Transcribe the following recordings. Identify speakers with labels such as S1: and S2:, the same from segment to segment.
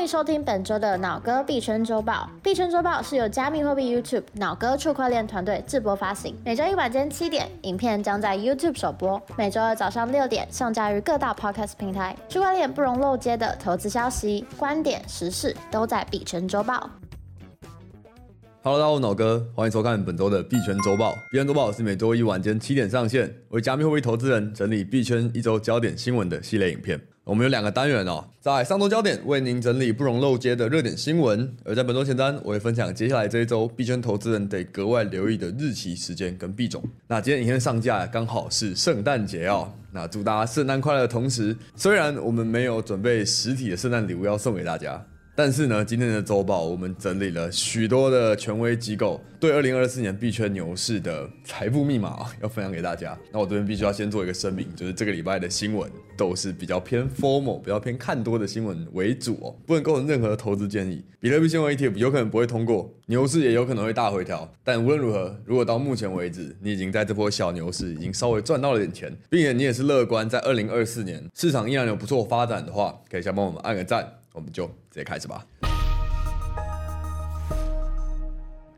S1: 歡迎收聽本周的腦哥幣圈週報。幣圈週報是由加密貨幣 YouTube 腦哥區塊鏈團隊製播發行。每周一晚間七點，影片將在 YouTube 首播；每周二早上六點上架於各大 Podcast 平台。區塊鏈不容漏接的投資消息、觀點、時事，都在幣圈週報。Hello，大家好，我是腦哥，歡迎收看本周的幣圈週報。幣圈週報是每周一晚間七點上線，為加密貨幣投資人整理幣圈一周焦點新聞的系列影片。我們有兩個單元哦，在上周焦點為您整理不容漏接的熱點新聞，而在本周前瞻，我會分享接下來這一周幣圈投資人得格外留意的日期、時間跟幣種。那今天影片上架的剛好是聖誕節哦，那祝大家聖誕快樂的同時，雖然我們沒有準備實體的聖誕禮物要送給大家。但是呢，今天的週報我們整理了許多的權威機構對二零二四年幣圈牛市的財富密碼，哦，要分享給大家。那我這邊必須要先做一個聲明，就是這個禮拜的新聞都是比較偏 formal，比較偏看多的新聞為主、哦、不能構成任何的投資建議。比特幣新聞 ETF 有可能不會通過，牛市也有可能會大回調。但無論如何，如果到目前為止你已經在這波小牛市已經稍微賺到了點錢，並且你也是樂觀，在二零二四年市場依然有不錯發展的話，可以先幫我們按個讚。我們就直接開始吧。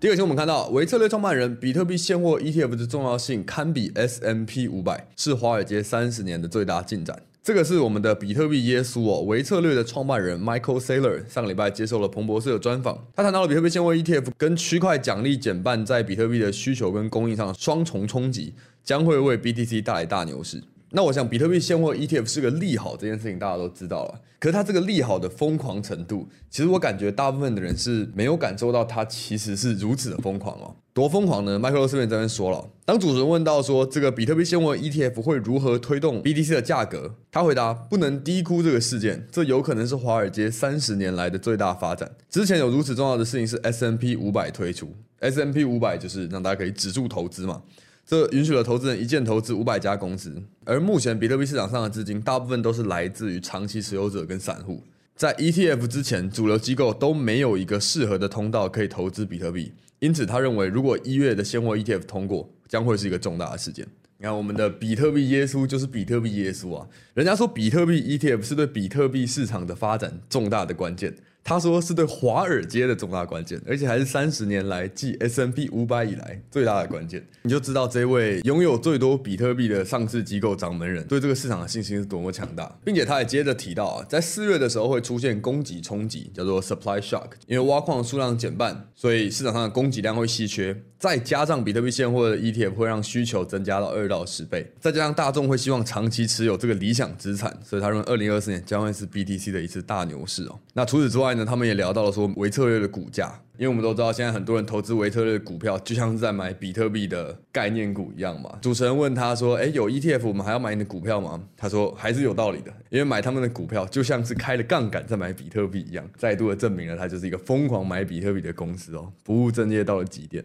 S1: 第一個星期我們看到微策略創辦人，比特幣現貨 ETF 的重要性堪比 S&P 500，是華爾街三十年的最大進展。這個是我們的比特幣耶穌哦，微策略的創辦人 Michael Saylor 上個禮拜接受了彭博社的專訪，他談到了比特幣現貨 ETF 跟區塊獎勵減半在比特幣的需求跟供應上雙重衝擊，將會為 BTC 帶來大牛市。那我想，比特幣現貨 ETF 是個利好，這件事情大家都知道了。可是它這個利好的瘋狂程度，其實我感覺大部分的人是沒有感受到它其實是如此的瘋狂哦。多瘋狂呢？麥克羅斯在這邊說了，當主持人問到說這個比特幣現貨 ETF 會如何推動 BTC 的價格，他回答：不能低估這個事件，這有可能是華爾街三十年來的最大發展。之前有如此重要的事情是 S&P 五百推出，S&P 五百就是讓大家可以指數投資嘛。這允許了投資人一鍵投資五百家公司，而目前比特幣市場上的資金大部分都是來自於長期持有者跟散戶。在 ETF 之前，主流機構都沒有一個適合的通道可以投資比特幣，因此他認為如果一月的現貨 ETF 通過，將會是一個重大的事件。你看，我們的比特幣耶穌就是比特幣耶穌啊，人家說比特幣 ETF 是對比特幣市場的發展重大的關鍵。他說是對華爾街的重大關鍵，而且還是三十年來繼 S M P 五百以來最大的關鍵。你就知道這位擁有最多比特幣的上市機構掌門人對這個市場的信心是多麼強大，並且他也接着提到啊，在四月的時候會出現供給衝擊，叫做 supply shock，因為挖礦的數量減半，所以市場上的供給量會稀缺，再加上比特幣現貨的 E T F 會讓需求增加到二到十倍，再加上大眾會希望長期持有這個理想資產，所以他認為二零二四年將會是 B T C 的一次大牛市哦。那除此之外，他們也聊到了說微策略的股價。因為我們都知道，現在很多人投資維特利的股票，就像是在買比特幣的概念股一樣嘛。主持人問他說：“誒，有 ETF，我們還要買你的股票嗎？”他說：“還是有道理的，因為買他們的股票就像是開了槓桿在買比特幣一樣。”再度的證明了他就是一個瘋狂買比特幣的公司哦，不務正業到了極點。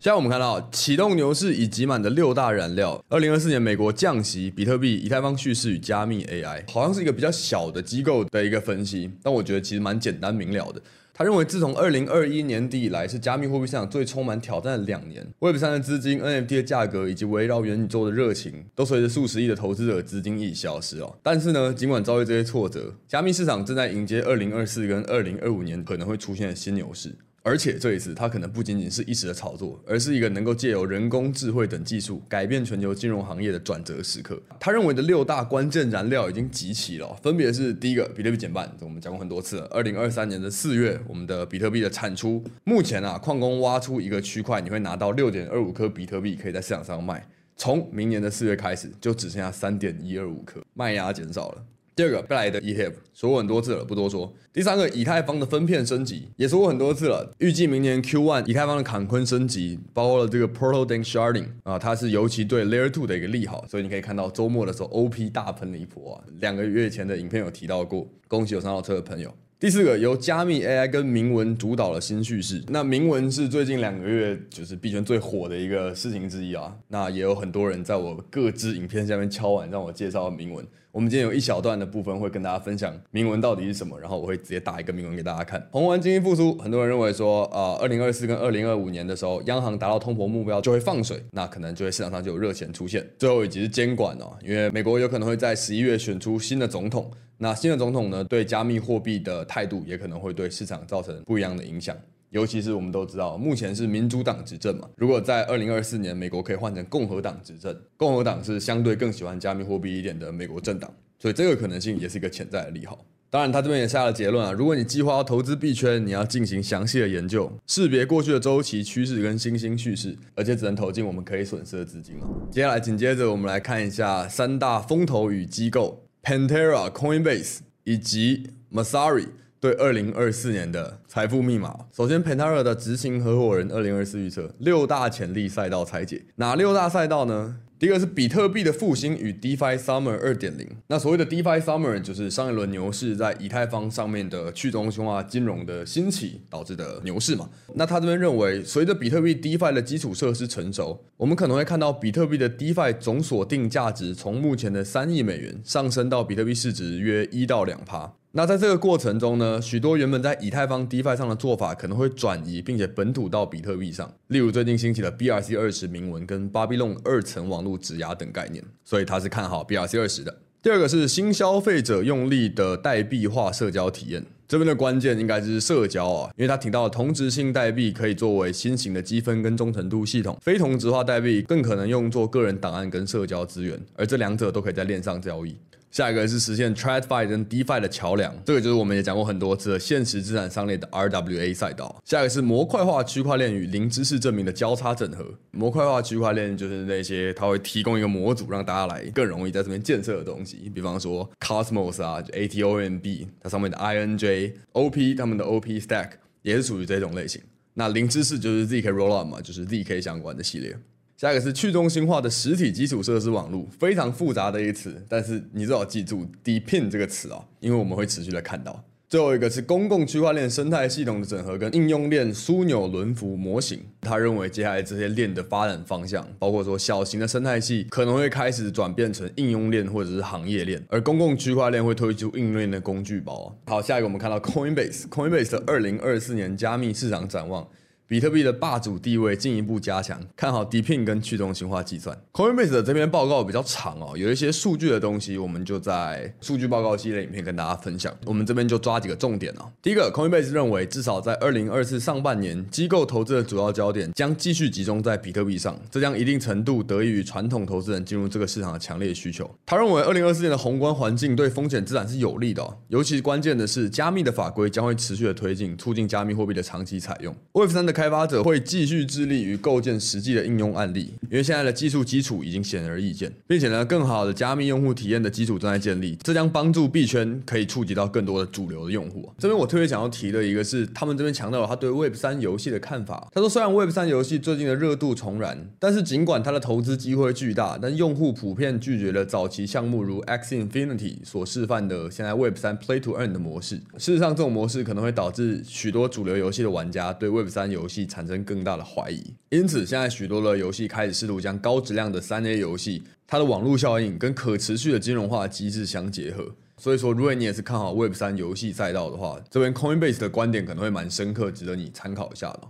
S1: 現在我們看到啟動牛市已集滿的六大燃料：二零二四年美國降息、比特幣、以太坊敘事與加密 AI，好像是一個比較小的機構的一個分析，但我覺得其實蠻簡單明了的。他認為，自從二零二一年底以來，是加密貨幣市場最充滿挑戰的兩年。Web3 的資金、NFT 的價格以及圍繞元宇宙的熱情，都隨着數十億的投資者資金一起消失哦。但是呢，儘管遭遇這些挫折，加密市場正在迎接二零二四跟二零二五年可能會出現的新牛市。而且這一次，它可能不僅僅是一時的炒作，而是一個能夠借由人工智慧等技術改變全球金融行業的轉折時刻。他認為的六大關鍵燃料已經集齊了，分別是：第一個，比特幣減半，我們講過很多次了，二零二三年的四月，我們的比特幣的產出，目前啊，礦工挖出一個區塊，你會拿到六點二五顆比特幣，可以在市場上賣。從明年的四月開始，就只剩下三點一二五顆，賣壓減少了。第二個，幣來的以、e、太，ip, 說過很多次了，不多說。第三個，以太坊的分片升級，也說過很多次了。預計明年 Q1 以太坊的坎昆升級，包括了這個 Proto-Danksharding 啊，它是尤其對 Layer 2的一個利好。所以你可以看到周末的時候 OP 大噴離譜啊。兩個月前的影片有提到過，恭喜有上到車的朋友。第四個，由加密 AI 跟銘文主導的新敘事。那銘文是最近兩個月就是幣圈最火的一個事情之一啊。那也有很多人在我各支影片下面敲碗，讓我介紹銘文。我們今天有一小段的部分會跟大家分享銘文到底是什麼，然後我會直接打一個銘文給大家看。宏觀經濟復甦，很多人認為說啊，二零二四跟二零二五年的時候，央行達到通膨目標就會放水，那可能就會市場上就有熱錢出現。最後一個是監管啊，因為美國有可能會在十一月選出新的總統。那新的總統呢，對加密貨幣的態度也可能會對市場造成不一樣的影響。尤其是我們都知道，目前是民主黨執政嘛，如果在二零二四年美國可以換成共和黨執政，共和黨是相對更喜歡加密貨幣一點的美國政黨，所以這個可能性也是一個潛在的利好。當然，他這邊也下了結論啊，如果你計劃要投資幣圈，你要進行詳細的研究，識別過去的週期趨勢跟新興趨勢，而且只能投進我們可以損失的資金了、啊。接下來緊接着我們來看一下三大風投與機構。Pantera、Pan Coinbase 以及 Messari 對2024年的財富密碼。首先，Pantera 的執行合夥人2024預測六大潛力賽道拆解，哪六大賽道呢？第二個是比特幣的復興與 DeFi Summer 二點零。那所謂的 DeFi Summer 就是上一輪牛市在以太坊上面的去中心化、啊、金融的興起導致的牛市嘛。那他這邊認為，隨着比特幣 DeFi 的基礎設施成熟，我們可能會看到比特幣的 DeFi 總鎖定價值從目前的三億美元上升到比特幣市值約一到兩趴。那在這個過程中呢，許多原本在以太坊 DeFi 上的做法可能會轉移，並且本土到比特幣上。例如最近興起的 BRC 二十銘文跟 Babylon 二層網絡質押等概念，所以他是看好 BRC 二十的。第二個是新消費者用力的代幣化社交體驗，這邊的關鍵應該就是社交啊，因為他提到同質性代幣可以作為新型的積分跟忠誠度系統，非同質化代幣更可能用作個人檔案跟社交資源，而這兩者都可以在鏈上交易。下一個是實現 TradFi 跟 DeFi 的橋樑，這個就是我們也講過很多次的現實資產上鏈的 RWA 賽道。下一個是模塊化區塊鏈與零知識證明的交叉整合。模塊化區塊鏈就是那些它會提供一個模組讓大家來更容易在這邊建設的東西，比方說 Cosmos 啊、ATOMB，它上面的 INJ、OP，他們的 OP Stack 也是屬於這種類型。那零知識就是 ZK Rollup 嘛，就是 zk 相關的系列。下一個是去中心化的實體基礎設施網絡，非常複雜的一個詞，但是你最好記住 DePin 這個詞啊、哦，因為我們會持續的看到。最後一個是公共區塊鏈生態系統的整合跟應用鏈樞紐輪輻模型。他認為接下來這些鏈的發展方向，包括說小型的生態系可能會開始轉變成應用鏈或者是行業鏈，而公共區塊鏈會推出應用鏈的工具包。好，下一個我們看到 Coinbase Coinbase 的二零二四年加密市場展望。比特幣的霸主地位進一步加強，看好 DePIN 跟去中心化計算。Coinbase 的這篇報告比較長哦，有一些數據的東西，我們就在數據報告系列的影片跟大家分享。我們這邊就抓幾個重點哦。嗯、第一個，Coinbase 認為，至少在2024上半年，機構投資的主要焦點將繼續集中在比特幣上，這將一定程度得益於傳統投資人進入這個市場的強烈需求。他認為，2024年的宏觀環境對風險資產是有利的哦，尤其關鍵的是，加密的法規將會持續的推進，促進加密貨幣的長期採用。Web3 的。開發者會繼續致力於構建實際的應用案例，因為現在的技術基礎已經顯而易見，並且呢，更好的加密用戶體驗的基礎正在建立，這將幫助幣圈可以觸及到更多的主流的用戶。這邊我特別想要提的一個是，他們這邊強調了他對 Web 三遊戲的看法。他說，雖然 Web 三遊戲最近的熱度重燃，但是儘管它的投資機會巨大，但用戶普遍拒絕了早期項目如 X Infinity 所示範的現在 Web 三 Play to Earn 的模式。事實上，這種模式可能會導致許多主流遊戲的玩家對 Web 三遊戲，產生更大的懷疑，因此現在許多的遊戲開始試圖將高質量的三 A 遊戲，它的網絡效應跟可持續的金融化機制相結合。所以說，如果你也是看好 Web 三遊戲賽道的話，這邊 Coinbase 的觀點可能會蠻深刻，值得你參考一下的。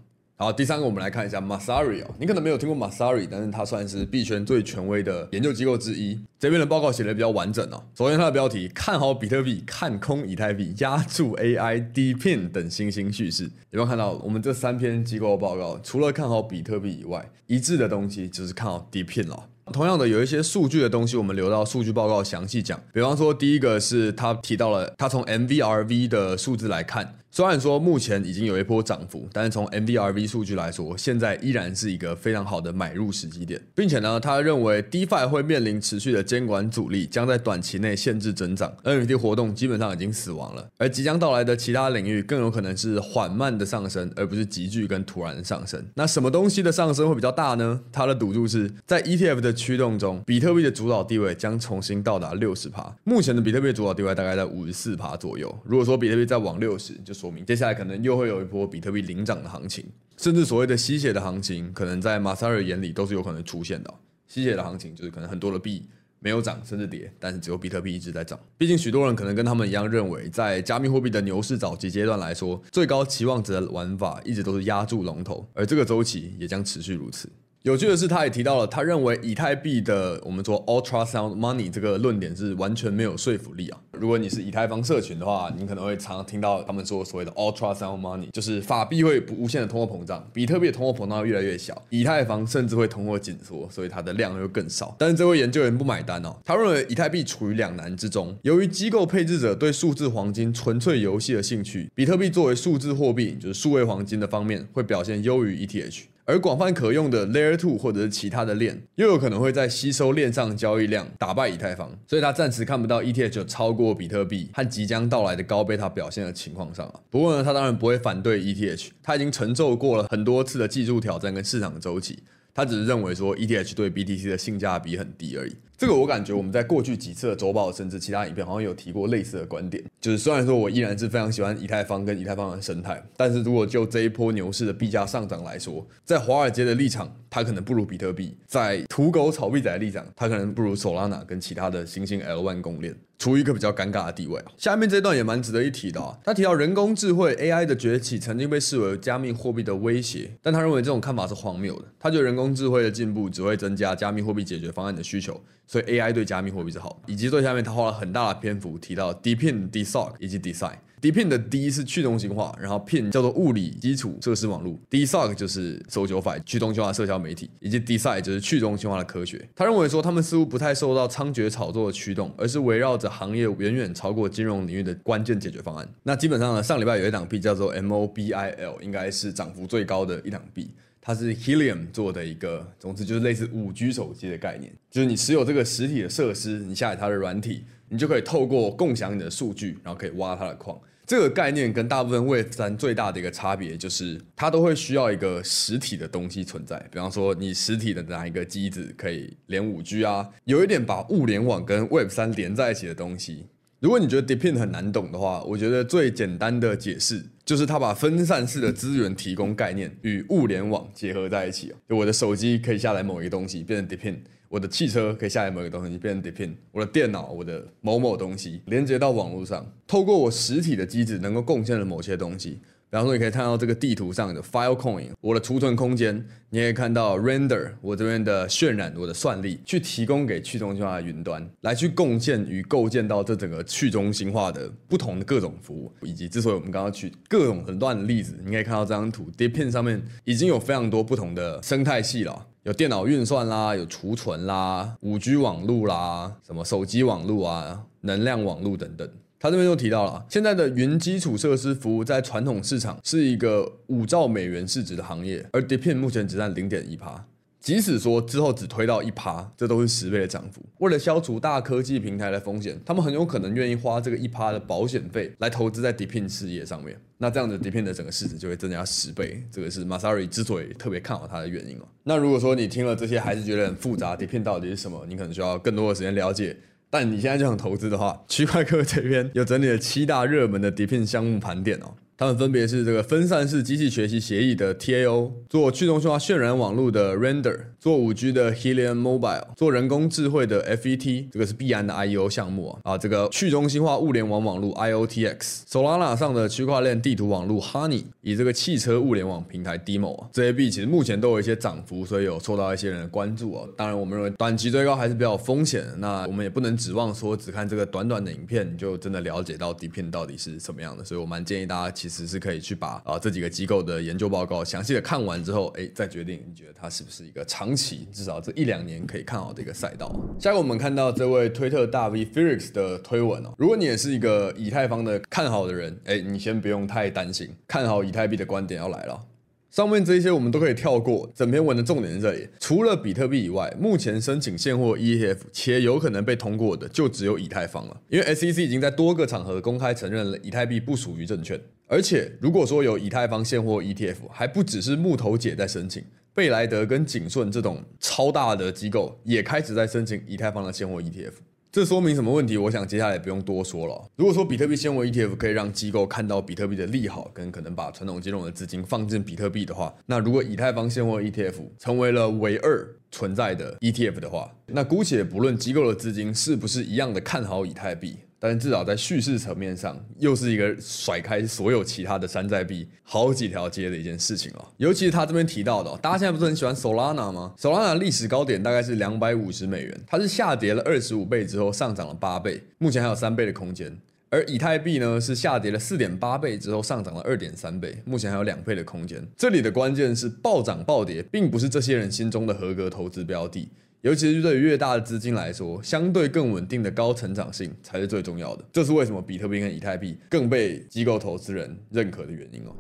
S1: 好，第三個我們來看一下 Messari、哦、你可能沒有聽過 Messari 但是它算是幣圈最權威的研究機構之一。這邊的報告寫的比較完整哦。首先，它的標題看好比特幣，看空以太幣，押注 AI DePIN 等新興敘事。有沒有看到我們這三篇機構的報告？除了看好比特幣以外，一致的東西就是看好 DePIN 了、哦。同樣的，有一些數據的東西，我們留到數據報告詳細講。比方說，第一個是他提到了，他從 MVRV 的數字來看。雖然說目前已經有一波漲幅，但是從 MVRV 數據來說，現在依然是一個非常好的買入時機點，並且呢，他認為 DeFi 會面臨持續的監管阻力，將在短期內限制增長。NFT 活動基本上已經死亡了，而即將到來的其他領域更有可能是緩慢的上升，而不是急劇跟突然的上升。那什麼東西的上升會比較大呢？他的賭注是在 ETF 的驅動中，比特幣的主導地位將重新到達六十趴。目前的比特幣主導地位大概在五十四趴左右。如果說比特幣再往六十，就是說明接下來可能又會有一波比特幣領漲的行情，甚至所謂的吸血的行情，可能在 Messari 眼裡都是有可能出現的。吸血的行情就是可能很多的幣沒有漲甚至跌，但是只有比特幣一直在漲。畢竟許多人可能跟他們一樣認為，在加密貨幣的牛市早期階段來說，最高期望值的玩法一直都是壓住龍頭，而這個週期也將持續如此。有趣的是，他也提到了，他認為以太幣的我們說 Ultra Sound Money 這個論點是完全沒有說服力啊。如果你是以太坊社群的話，你可能會常常聽到他們說所謂的 Ultra Sound Money，就是法幣會不無限的通貨膨脹，比特幣的通貨膨脹越來越小，以太坊甚至會通貨緊縮，所以它的量又更少。但是這位研究員不買單哦、啊，他認為以太幣處於兩難之中，由於機構配置者對數字黃金純粹遊戲的興趣，比特幣作為數字貨幣，就是數位黃金的方面會表現優於 ETH。而廣泛可用的 Layer 2，或者是其他的鏈，又有可能會在吸收鏈上交易量，打敗以太坊，所以他暫時看不到 ETH 有超過比特幣和即將到來的高貝塔表現的情況上啊。不過呢，他當然不會反對 ETH，他已經承受過了很多次的技術挑戰跟市場的週期。他只是認為說 ETH 對 BTC 的性價比很低而已，這個我感覺我們在過去幾次的週報甚至其他影片好像有提過類似的觀點，就是雖然說我依然是非常喜歡以太坊跟以太坊的生態，但是如果就這一波牛市的幣價上漲來說，在華爾街的立場。他可能不如比特幣，在土狗炒幣仔的立場，他可能不如 Solana 跟其他的新興 L1 公鏈，處於一個比較尷尬的地位。下面這段也蠻值得一提的啊，他提到人工智慧 AI 的崛起曾經被視為加密貨幣的威脅，但他認為這種看法是荒謬的。他覺得人工智慧的進步只會增加加密貨幣解決方案的需求，所以 AI 對加密貨幣是好。以及最下面，他花了很大的篇幅提到 DePIN、DeSoc 以及 DeSci。DePIN 的 D 是去中心化，然後 PIN 叫做物理基礎設施網絡 DeSoc 就是 SocialFi，去中心化社交媒體，以及 DeSci 就是去中心化的科學。他認為說，他們似乎不太受到猖獗炒作的驅動，而是圍繞着行業遠遠超過金融領域的關鍵解決方案。那基本上呢，上禮拜有一檔幣叫做 MOBILE，應該是漲幅最高的一檔幣，它是 Helium 做的一個，總之就是類似五 G 手機的概念，就是你持有這個實體的設施，你下載它的軟體，你就可以透過共享你的數據，然後可以挖它的礦。這個概念跟大部分 Web 三最大的一個差別，就是它都會需要一個實體的東西存在，比方說你實體的哪一個機子可以連五 G 啊，有一點把物聯網跟 Web 三連在一起的東西。如果你覺得 DePin 很難懂的話，我覺得最簡單的解釋就是它把分散式的資源提供概念與物聯網結合在一起。就我的手機可以下載某一個東西，變成 DePin。我的汽車可以下載某個東西變成 DePIN，我的電腦、我的某某東西連接到網絡上，透過我實體的機制能夠貢獻了某些東西，比方說你可以看到這個地圖上的 Filecoin，我的儲存空間，你可以看到 Render，我這邊的渲染，我的算力去提供給去中心化的雲端來去貢獻與構建到這整個去中心化的不同的各種服務，以及之所以我們剛剛舉各種很亂的例子，你可以看到這張圖 DePIN 上面已經有非常多不同的生態系了。有電腦運算啦，有儲存啦，五 G 網絡啦，什麼手機網絡啊，能量網絡等等。他這邊又提到了，現在的雲基礎設施服務在傳統市場是一個五兆美元市值的行業，而 DePIN 目前只占零點一趴。即使說之後只推到一趴，這都是十倍的漲幅。為了消除大科技平台的風險，他們很有可能願意花這個一趴的保險費來投資在 DePIN 事業上面。那這樣子 DePIN 的整個市值就會增加十倍。這個是 Messari 之所以特別看好它的原因哦。那如果說你聽了這些還是覺得很複雜，DePIN 到底是什麼？你可能需要更多的時間了解。但你現在就想投資的話，區塊客這邊有整理了七大熱門的 DePIN 項目盤點哦。他們分別是這個分散式機器學習協議的 TAO，做去中心化渲染網絡的 Render，做五 G 的 Helium Mobile，做人工智慧的 FET，這個是幣安的 IEO 項目啊啊，這個去中心化物聯網網絡 IOTX，Solana 上的區塊鏈地圖網絡 Honey，以這個汽車物聯網平台 Demo 啊，這些幣其實目前都有一些漲幅，所以有受到一些人的關注啊。當然，我們認為短期追高還是比較有風險，那我們也不能指望說只看這個短短的影片就真的了解到底片到底是什麼樣的，所以我蠻建議大家其。其實可以去把啊這幾個機構的研究報告詳細的看完之後，哎，再決定你覺得它是不是一個長期至少這一兩年可以看好的一個賽道啊。下面我們看到這位推特大 V Felix 的推文哦，如果你也是一個以太坊的看好的人，哎，你先不用太擔心，看好以太幣的觀點要來了。上面這些我們都可以跳過，整篇文的重點在這裡。除了比特幣以外，目前申請現貨 ETF 且有可能被通過的就只有以太坊了，因為 SEC 已經在多個場合公開承認了以太幣不屬於證券。而且，如果說有以太坊現貨 ETF，還不只是木頭姐在申請，貝萊德跟景順這種超大的機構也開始在申請以太坊的現貨 ETF，這說明什麼問題？我想接下來也不用多說了。如果說比特幣現貨 ETF 可以讓機構看到比特幣的利好，跟可能把傳統金融的資金放進比特幣的話，那如果以太坊現貨 ETF 成為了唯二存在的 ETF 的話，那姑且不論機構的資金是不是一樣的看好以太幣。但至少在敘事層面上，又是一個甩開所有其他的山寨幣好幾條街的一件事情了。尤其是他這邊提到的，大家現在不是很喜歡 Solana 嗎？Solana 歷史高點大概是兩百五十美元，它是下跌了二十五倍之後上漲了八倍，目前還有三倍的空間。而以太幣呢，是下跌了四點八倍之後上漲了二點三倍，目前還有兩倍的空間。這裡的關鍵是暴漲暴跌，並不是這些人心中的合格投資標的。尤其是對於越大的資金來說，相對更穩定的高成長性才是最重要的。這是為什麼比特幣跟以太幣更被機構投資人認可的原因哦。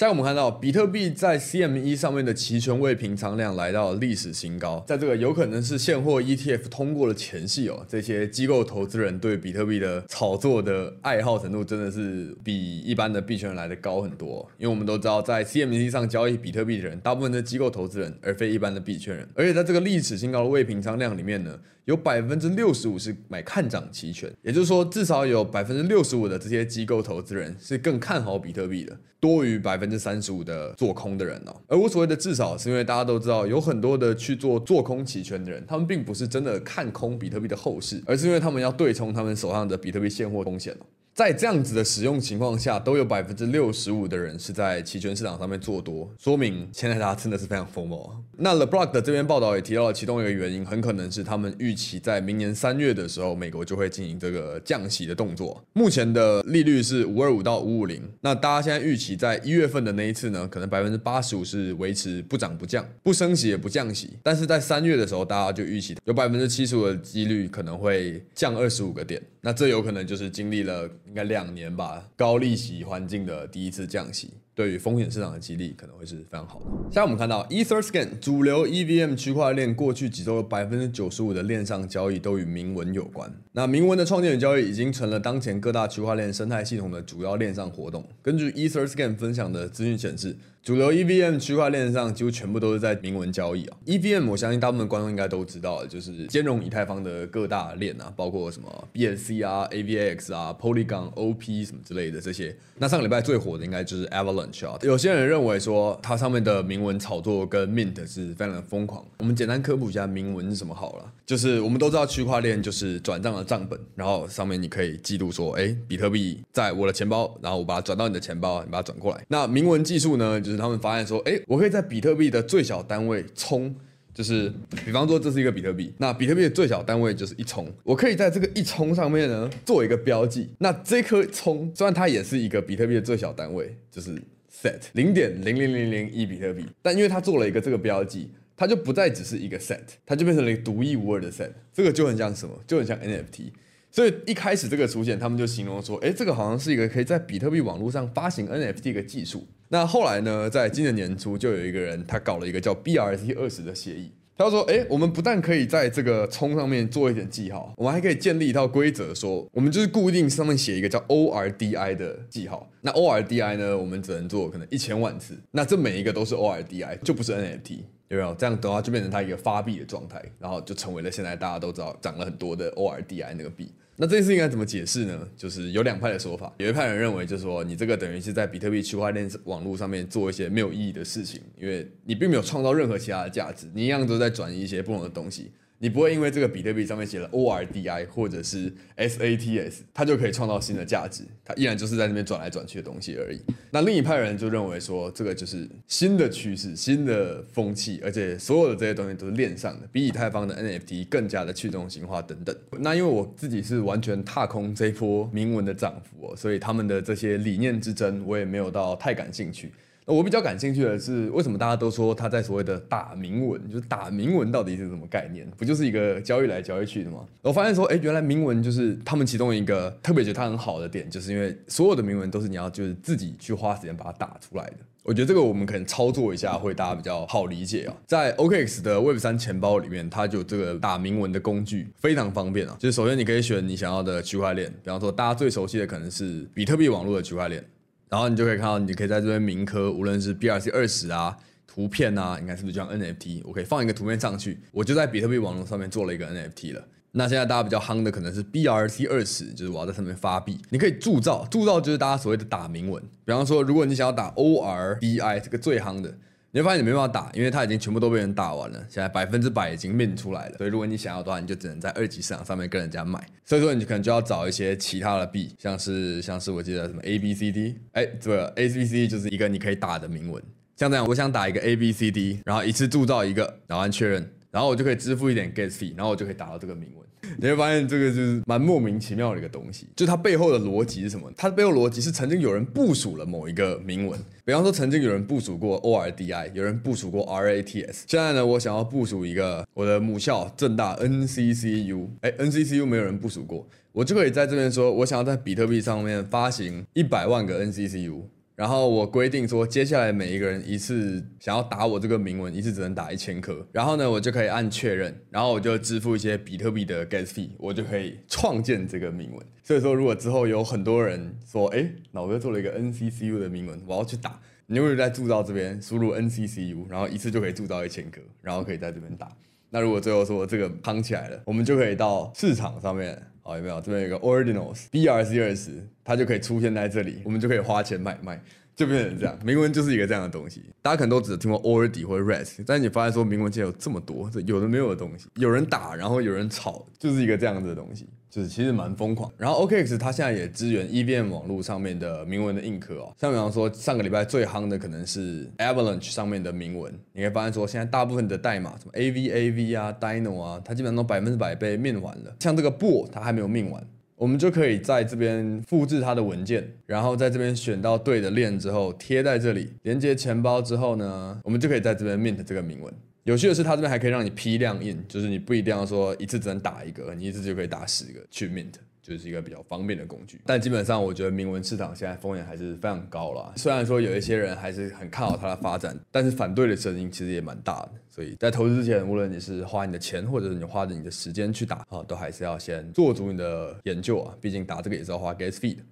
S1: 在我們看到，比特幣在 CME 上面的期權未平倉量來到歷史新高，在這個有可能是現貨 ETF 通過的前夕哦，這些機構投資人對比特幣的炒作的愛好程度，真的是比一般的幣圈人來的高很多哦。因為我們都知道，在 CME 上交易比特幣的人，大部分是機構投資人，而非一般的幣圈人。而且在這個歷史新高的未平倉量裡面呢。有百分之六十五是買看漲期權，也就是說，至少有百分之六十五的這些機構投資人是更看好比特幣的多35，多於百分之三十五的做空的人哦。而我所謂的“至少”是因為大家都知道，有很多的去做做空期權的人，他們並不是真的看空比特幣的後市，而是因為他們要對沖他們手上的比特幣現貨風險。在這樣子的使用情況下，都有百分之六十五的人是在期權市場上面做多，說明現在大家真的是非常瘋魔。那 The Block 的這邊報道也提到了其中一個原因，很可能是他們預期在明年三月的時候，美國就會進行這個降息的動作。目前的利率是五二五到五五零，那大家現在預期在一月份的那一次呢，可能百分之八十五是維持不漲不降，不升息也不降息。但是在三月的時候，大家就預期有百分之七十五的幾率可能會降二十五個點。那這有可能就是經歷了應該兩年吧，高利息環境的第一次降息，對於風險市場的激勵可能會是非常好的。現在我們看到 EtherScan 主流 EVM 區塊鏈過去幾周有百分之九十五的鏈上交易都與銘文有關，那銘文的創建與交易已經成了當前各大區塊鏈生態系統的主要鏈上活動。根據 EtherScan 分享的資訊顯示，主流 EVM 區塊鏈上幾乎全部都是在銘文交易啊、e。EVM 我相信大部分的觀眾應該都知道，就是兼容以太坊的各大鏈啊，包括什麼 BSC 啊、AVAX 啊、Polygon、OP 什麼之類的這些。那上個禮拜最火的應該就是 Avalanche 啊。有些人認為說它上面的銘文炒作跟 Mint 是非常的瘋狂。我們簡單科普一下銘文是什麼好了，就是我們都知道區塊鏈就是轉賬的賬本，然後上面你可以記錄說，哎，比特幣在我的錢包，然後我把它轉到你的錢包，你把它轉過來。那銘文技術呢？就是他們發現說，誒，我可以在比特幣的最小單位“聰”，就是比方說這是一個比特幣，那比特幣的最小單位就是一聰。我可以在這個一聰上面呢做一個標記。那這顆聰雖然它也是一個比特幣的最小單位，就是 “set” 零點零零零零一比特幣，但因為它做了一個這個標記，它就不再只是一個 “set”，它就變成了一個獨一無二的 “set”。這個就很像什麼？就很像 NFT。所以一開始這個出現，他們就形容說，哎、欸，這個好像是一個可以在比特幣網絡上發行 NFT 的技術。那後來呢，在今年年初就有一個人，他搞了一個叫 b r t 二十的協議。他就說，哎、欸，我們不但可以在這個充上面做一點記號，我們還可以建立一套規則，說我們就是固定上面寫一個叫 ORDI 的記號。那 ORDI 呢，我們只能做可能一千萬次。那這每一個都是 ORDI，就不是 NFT，有沒有？這樣的話就變成它一個發幣的狀態，然後就成為了現在大家都知道漲了很多的 ORDI 那個幣。那這件事應該怎麼解釋呢？就是有兩派的說法，有一派人認為，就是說你這個等於是在比特幣區塊鏈網絡上面做一些沒有意義的事情，因為你並沒有創造任何其他的價值，你一樣都在轉移一些不同的東西。你不會因為這個比特幣上面寫了 ORDI 或者是 SATS，它就可以創造新的價值，它依然就是在那邊轉來轉去的東西而已。那另一派人就認為說，這個就是新的趨勢、新的風氣，而且所有的這些東西都是鏈上的，比以太坊的 NFT 更加的去中心化等等。那因為我自己是完全踏空這一波銘文的漲幅、哦，所以他們的這些理念之爭，我也沒有到太感興趣。我比較感興趣的是，為什麼大家都說它在所謂的打銘文，就是打銘文到底是什麼概念？不就是一個交易來交易去的嗎？我發現說，哎，原來銘文就是他們其中一個特別覺得它很好的點，就是因為所有的銘文都是你要就是自己去花時間把它打出來的。我覺得這個我們可能操作一下，會大家比較好理解啊。在 OKX、OK、的 Web 三錢包裡面，它就有這個打銘文的工具，非常方便啊。就是首先你可以選你想要的區塊鏈，比方說大家最熟悉的可能是比特幣網絡的區塊鏈。然後你就可以看到，你可以在這邊銘刻，無論是 B R C 二十啊，圖片啊，應該是不是就像 N F T？我可以放一個圖片上去，我就在比特幣網絡上面做了一個 N F T 了。那現在大家比較夯的可能是 B R C 二十，就是我要在上面發幣，你可以鑄造，鑄造就是大家所謂的打銘文。比方說，如果你想要打 O R D I 這個最夯的。你會發現你沒辦法打，因為它已經全部都被人打完了，現在百分之百已經命出來了。所以如果你想要的話，你就只能在二級市場上面跟人家買。所以說你可能就要找一些其他的幣，像是像是我記得什麼 A B C D，哎，這個 A B C D 就是一個你可以打的銘文。像這樣，我想打一個 A B C D，然後一次鑄造一個，然後按確認，然後我就可以支付一點 gas fee，然後我就可以打到這個銘文。你會發現這個就是蠻莫名其妙的一個東西，就它背後的邏輯是什麼？它的背後邏輯是曾經有人部署了某一個銘文，比方說曾經有人部署過 ORDI，有人部署過 RATS，現在呢，我想要部署一個我的母校政大 NCCU，誒 NCCU 沒有人部署過，我就可以在這邊說我想要在比特幣上面發行一百萬個 NCCU。然後我規定說，接下來每一個人一次想要打我這個銘文，一次只能打一千顆。然後呢，我就可以按確認，然後我就支付一些比特幣的 gas fee，我就可以創建這個銘文。所以說，如果之後有很多人說，哎，腦哥做了一個 NCCU 的銘文，我要去打，你可以在鑄造這邊輸入 NCCU，然後一次就可以鑄造一千顆，然後可以在這邊打。那如果最後說這個夯起來了，我們就可以到市場上面。好，oh, 有沒有？這邊有一個 Ordinals BRC20，它就可以出現在這裡，我們就可以花錢買賣。買 就變成這樣，銘文就是一個這樣的東西。大家可能都只聽過 ORDI 或者 rest，但是你發現說銘文界有這麼多有的沒有的東西，有人打，然後有人炒，就是一個這樣子的東西，就是其實蠻瘋狂。然後 OKX、OK、它現在也支援 EVM 網絡上面的銘文的硬殼哦。像比方說上個禮拜最夯的可能是 Avalanche 上面的銘文，你會發現說現在大部分的代碼什麼 AVAV 啊、Dino 啊，它基本上都百分之百被命完了。像這個布它還沒有命完。我們就可以在這邊複製它的文件，然後在這邊選到對的鏈之後，貼在這裡，連接錢包之後呢，我們就可以在這邊 mint 這個銘文。有趣的是，它這邊還可以讓你批量印，就是你不一定要說一次只能打一個，你一次就可以打十個去 mint。就是一個比較方便的工具，但基本上我覺得銘文市場現在風險還是非常高了。雖然說有一些人還是很看好它的發展，但是反對的聲音其實也蠻大的。所以在投資之前，無論你是花你的錢，或者是你花着你的時間去打啊，都還是要先做足你的研究啊。畢竟打這個也是要花 gas fee 的。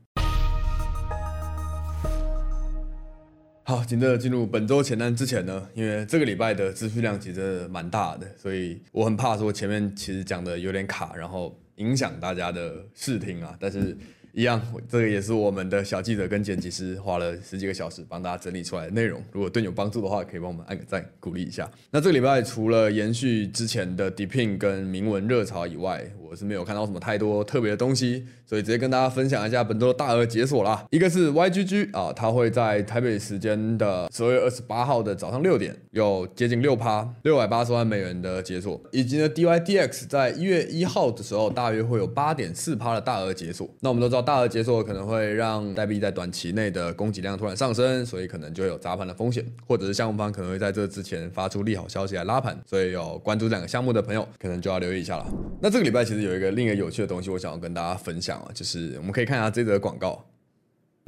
S1: 好，緊接着進入本周前瞻之前呢，因為這個禮拜的資訊量其實蠻大的，所以我很怕說前面其實講的有點卡，然後。影響大家的視聽啊，但是。一樣，這個也是我們的小記者跟剪輯師花了十幾個小時幫大家整理出來的內容。如果對你有幫助的話，可以幫我們按個讚，鼓勵一下。那這個禮拜除了延續之前的 DePin 跟銘文熱潮以外，我是沒有看到什麼太多特別的東西，所以直接跟大家分享一下本周的大額解鎖啦。一個是 YGG 啊，它會在台北時間的十二月二十八號的早上六點有接近六趴六百八十萬美元的解鎖，以及呢 DYDX 在一月一號的時候大約會有八點四趴的大額解鎖。那我們都知道。大額解鎖可能會讓代幣在短期內的供給量突然上升，所以可能就有砸盤的風險，或者是項目方可能會在這之前發出利好消息來拉盤，所以有關注兩個項目的朋友可能就要留意一下了。那這個禮拜其實有一個另一個有趣的東西，我想要跟大家分享啊，就是我們可以看一下這一則廣告。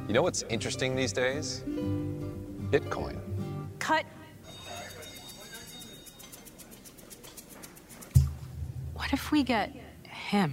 S1: You know what's interesting these days? Bitcoin. Cut. What if we get him?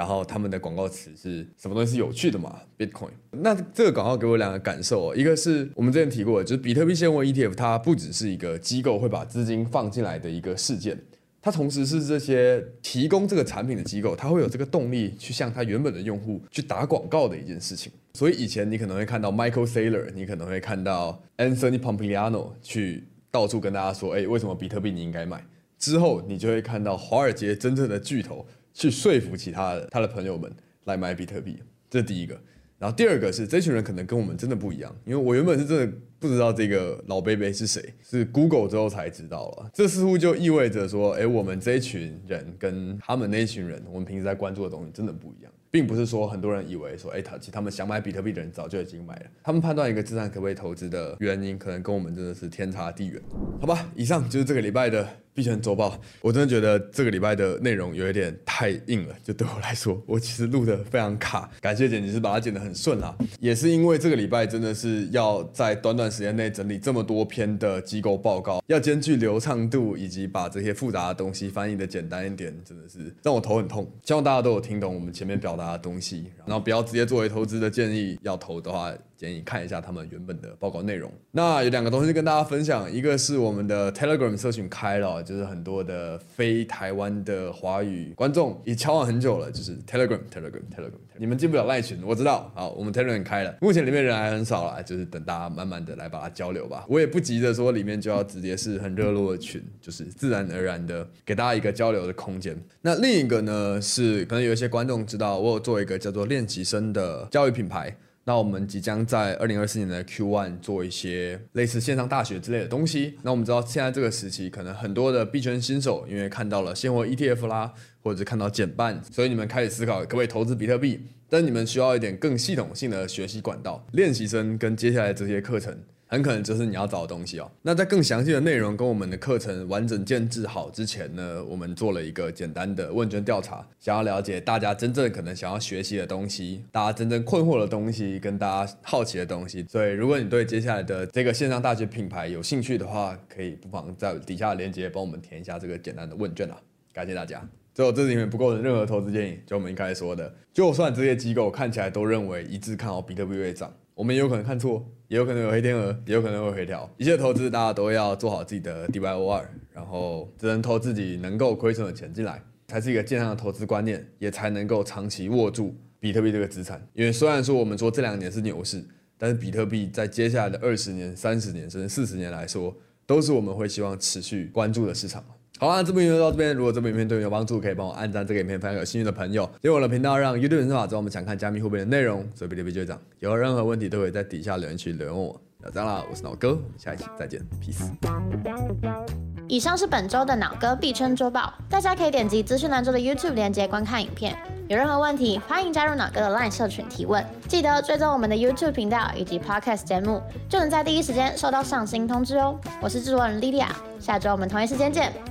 S1: 然後他們的廣告詞是什麼東西是有趣的嘛？Bitcoin。那這個廣告給我兩個感受哦，一個是我們之前提過的，就是比特幣現貨 ETF 它不只是一個機構會把資金放進來的一個事件，它同時是這些提供這個產品的機構，它會有這個動力去向它原本的用戶去打廣告的一件事情。所以以前你可能會看到 Michael Saylor，你可能會看到 Anthony Pompliano 去到處跟大家說，哎，為什麼比特幣你應該買？之後你就會看到華爾街真正的巨頭。去說服其他的他的朋友們來買比特幣，這是第一個。然後第二個是，這群人可能跟我們真的不一樣，因為我原本是真的不知道這個老貝貝是誰，是 Google 之後才知道了。這似乎就意味着說，誒，我們這一群人跟他們那一群人，我們平時在關注的東西真的不一樣，並不是說很多人以為說，誒，他其實他們想買比特幣的人早就已經買了。他們判斷一個資產可不可以投資的原因，可能跟我們真的是天差地遠。好吧，以上就是這個禮拜的。一拳走爆！我真的覺得這個禮拜的內容有一點太硬了，就對我來說，我其實錄得非常卡。感謝剪輯師把它剪得很順啦，也是因為這個禮拜真的是要在短短時間內整理這麼多篇的機構報告，要兼具流暢度以及把這些複雜的東西翻譯得簡單一點，真的是讓我頭很痛。希望大家都有聽懂我們前面表達的東西，然後不要直接作為投資的建議。要投的話。建議看一下他們原本的報告內容。那有兩個東西跟大家分享，一個是我們的 Telegram 社群開了，就是很多的非台灣的華語觀眾已敲了很久了，就是 Telegram Telegram Telegram，Te Te 你們進不了 Line 群，我知道。好，我們 Telegram 開了，目前裡面人還很少啦，就是等大家慢慢的來把它交流吧，我也不急着說裡面就要直接是很熱絡的群，就是自然而然的給大家一個交流的空間。那另一個呢，是可能有一些觀眾知道，我有做一個叫做練習生的教育品牌。那我們即將在二零二四年的 Q1 做一些類似線上大學之類的東西。那我們知道現在這個時期，可能很多的幣圈新手因為看到了現貨 ETF 啦，或者是看到減半，所以你們開始思考可不可以投資比特幣，但你們需要一點更系統性的學習管道，練習生跟接下來的這些課程很可能就是你要找的東西哦。那在更詳細的內容跟我們的課程完整建置好之前呢，我們做了一個簡單的問卷調查，想要了解大家真正可能想要學習的東西，大家真正困惑的東西跟大家好奇的東西。所以，如果你對接下來的這個線上大學品牌有興趣的話，可以不妨在底下鏈接幫我們填一下這個簡單的問卷啊。感謝大家。最後，這裡面不構成任何投資建議，就我們一開始說的，就算這些機構看起來都認為一致看好比特幣會漲，我們也有可能看錯。也有可能有黑天鵝，也有可能會回調。一切投資，大家都要做好自己的 DYOR，然後只能投自己能夠虧損的錢進來，才是一個健康的投資觀念，也才能夠長期握住比特幣這個資產。因為雖然說我們說這兩年是牛市，但是比特幣在接下來的二十年、三十年甚至四十年來說，都是我們會希望持續關注的市場。好啦，這部影片就到這邊。如果這部影片對你有幫助，可以幫我按讚，這個影片分享給有興趣的朋友。訂閱我的頻道讓，讓 YouTube 知道我們想看加密貨幣的內容，順便點點就漲。有任何問題都可以在底下留言區留言問我。那這樣啦，我是腦哥，我們下一期再見，Peace。以上是本周的腦哥幣圈周報，大家可以點擊資訊欄中的 YouTube 鏈接觀看影片。有任何問題，歡迎加入腦哥的 LINE 社群提問。記得追蹤我們的 YouTube 頻道以及 Podcast 節目，就能在第一時間收到上新通知哦。我是製作人 Lilia，下周我們同一時間見。